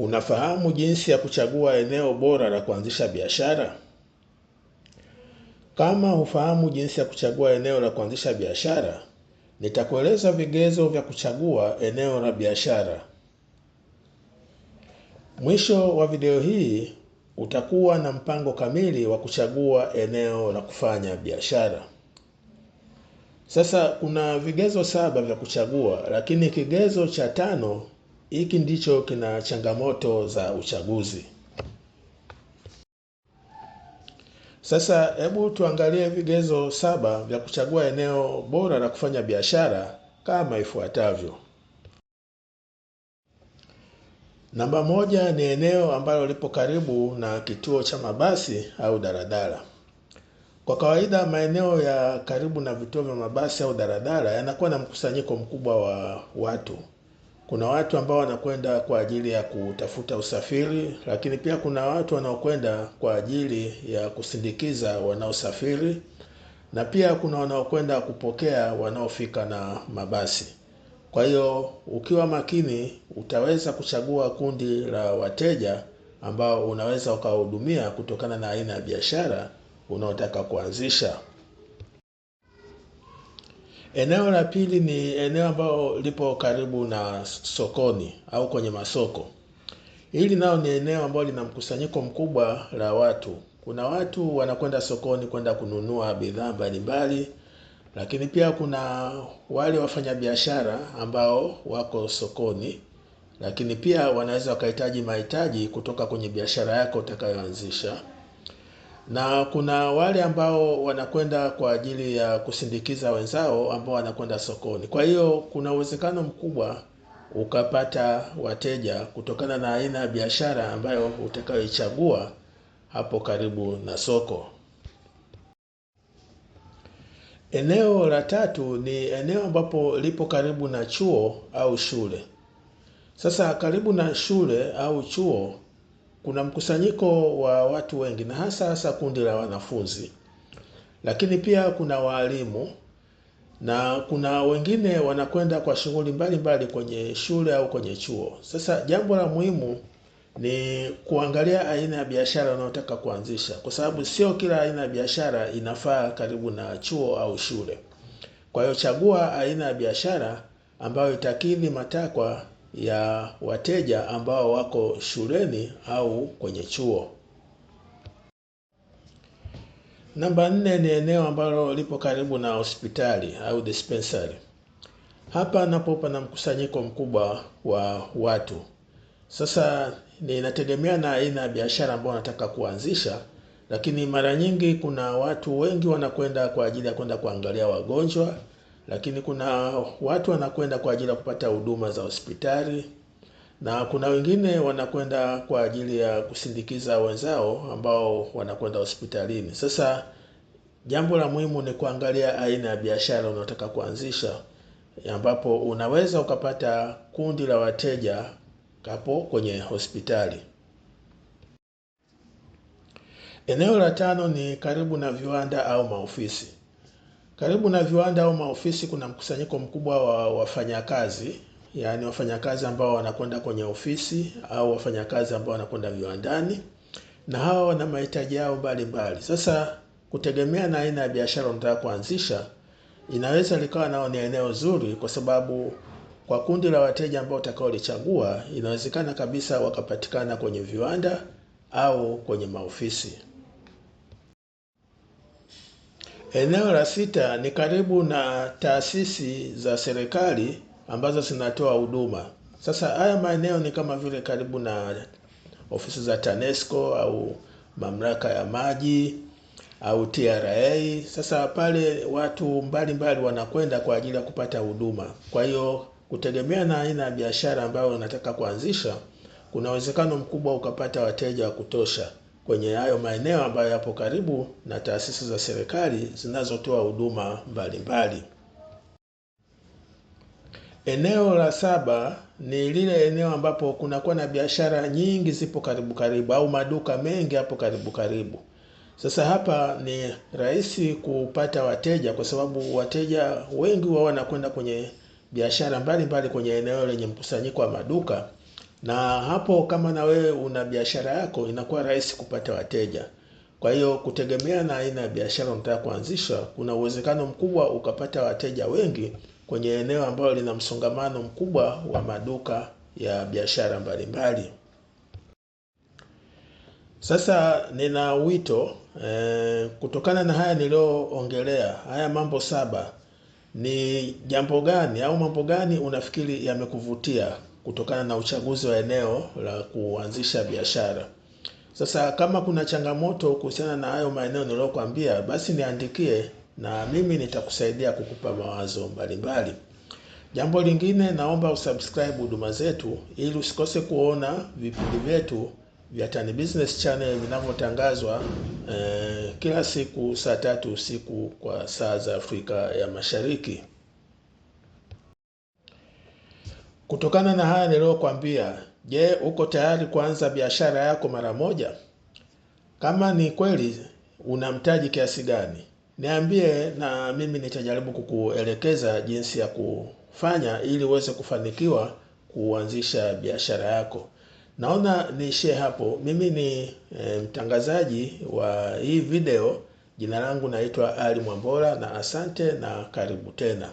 Unafahamu jinsi ya kuchagua eneo bora la kuanzisha biashara? Kama hufahamu jinsi ya kuchagua eneo la kuanzisha biashara, nitakueleza vigezo vya kuchagua eneo la biashara. Mwisho wa video hii utakuwa na mpango kamili wa kuchagua eneo la kufanya biashara. Sasa kuna vigezo saba vya kuchagua, lakini kigezo cha tano hiki ndicho kina changamoto za uchaguzi. Sasa hebu tuangalie vigezo saba vya kuchagua eneo bora la kufanya biashara kama ifuatavyo. Namba moja ni eneo ambalo lipo karibu na kituo cha mabasi au daladala. Kwa kawaida maeneo ya karibu na vituo vya mabasi au daladala yanakuwa na mkusanyiko mkubwa wa watu, kuna watu ambao wanakwenda kwa ajili ya kutafuta usafiri, lakini pia kuna watu wanaokwenda kwa ajili ya kusindikiza wanaosafiri, na pia kuna wanaokwenda kupokea wanaofika na mabasi. Kwa hiyo ukiwa makini, utaweza kuchagua kundi la wateja ambao unaweza ukawahudumia kutokana na aina ya biashara unaotaka kuanzisha. Eneo la pili ni eneo ambalo lipo karibu na sokoni au kwenye masoko. Hili nao ni eneo ambalo lina mkusanyiko mkubwa la watu. Kuna watu wanakwenda sokoni kwenda kununua bidhaa mbalimbali, lakini pia kuna wale wafanyabiashara ambao wako sokoni, lakini pia wanaweza wakahitaji mahitaji kutoka kwenye biashara yako utakayoanzisha na kuna wale ambao wanakwenda kwa ajili ya kusindikiza wenzao ambao wanakwenda sokoni. Kwa hiyo kuna uwezekano mkubwa ukapata wateja kutokana na aina ya biashara ambayo utakayoichagua hapo karibu na soko. Eneo la tatu ni eneo ambapo lipo karibu na chuo au shule. Sasa karibu na shule au chuo kuna mkusanyiko wa watu wengi na hasa hasa kundi la wanafunzi, lakini pia kuna waalimu na kuna wengine wanakwenda kwa shughuli mbalimbali kwenye shule au kwenye chuo. Sasa jambo la muhimu ni kuangalia aina ya biashara unayotaka kuanzisha, kwa sababu sio kila aina ya biashara inafaa karibu na chuo au shule. Kwa hiyo chagua aina ya biashara ambayo itakidhi matakwa ya wateja ambao wako shuleni au kwenye chuo. Namba nne ni eneo ambalo lipo karibu na hospitali au dispensary. Hapa napo pana mkusanyiko mkubwa wa watu. Sasa inategemea na aina ya biashara ambayo nataka kuanzisha, lakini mara nyingi kuna watu wengi wanakwenda kwa ajili ya kwenda kuangalia wagonjwa lakini kuna watu wanakwenda kwa ajili ya kupata huduma za hospitali na kuna wengine wanakwenda kwa ajili ya kusindikiza wenzao ambao wanakwenda hospitalini. Sasa jambo la muhimu ni kuangalia aina ya biashara unaotaka kuanzisha, ambapo unaweza ukapata kundi la wateja hapo kwenye hospitali. Eneo la tano ni karibu na viwanda au maofisi. Karibu na viwanda au maofisi kuna mkusanyiko mkubwa wa wafanyakazi, yaani wafanyakazi ambao wanakwenda kwenye ofisi au wafanyakazi ambao wanakwenda viwandani, na hawa wana mahitaji yao mbalimbali. Sasa kutegemea na aina ya biashara unataka kuanzisha, inaweza likawa nao ni eneo zuri, kwa sababu kwa kundi la wateja ambao utakaolichagua, inawezekana kabisa wakapatikana kwenye viwanda au kwenye maofisi. Eneo la sita ni karibu na taasisi za serikali ambazo zinatoa huduma. Sasa haya maeneo ni kama vile karibu na ofisi za TANESCO au mamlaka ya maji au TRA. Sasa pale watu mbalimbali mbali wanakwenda kwa ajili ya kupata huduma. Kwa hiyo kutegemea na aina ya biashara ambayo unataka kuanzisha, kuna uwezekano mkubwa ukapata wateja wa kutosha kwenye hayo maeneo ambayo yapo karibu na taasisi za serikali zinazotoa huduma mbalimbali. Eneo la saba ni lile eneo ambapo kunakuwa na biashara nyingi zipo karibu karibu au maduka mengi hapo karibu karibu. Sasa hapa ni rahisi kupata wateja kwa sababu wateja wengi wao wanakwenda kwenye biashara mbalimbali kwenye eneo lenye mkusanyiko wa maduka na hapo, kama na wewe una biashara yako, inakuwa rahisi kupata wateja. Kwa hiyo kutegemea na aina ya biashara unataka kuanzisha, kuna uwezekano mkubwa ukapata wateja wengi kwenye eneo ambalo lina msongamano mkubwa wa maduka ya biashara mbalimbali. Sasa nina wito e, kutokana na haya niliyoongelea, haya mambo saba, ni jambo gani au mambo gani unafikiri yamekuvutia kutokana na uchaguzi wa eneo la kuanzisha biashara. Sasa kama kuna changamoto kuhusiana na hayo maeneo niliyokuambia, basi niandikie na mimi nitakusaidia kukupa mawazo mbalimbali. Jambo lingine, naomba usubscribe huduma zetu ili usikose kuona vipindi vyetu vya Tan Business Channel vinavyotangazwa eh, kila siku saa tatu usiku kwa saa za Afrika ya Mashariki. Kutokana na haya niliyokwambia, je, uko tayari kuanza biashara yako mara moja? Kama ni kweli, unamtaji kiasi gani? Niambie na mimi nitajaribu kukuelekeza jinsi ya kufanya ili uweze kufanikiwa kuanzisha biashara yako. Naona niishie hapo. Mimi ni e, mtangazaji wa hii video. Jina langu naitwa Ali Mwambola na asante na karibu tena.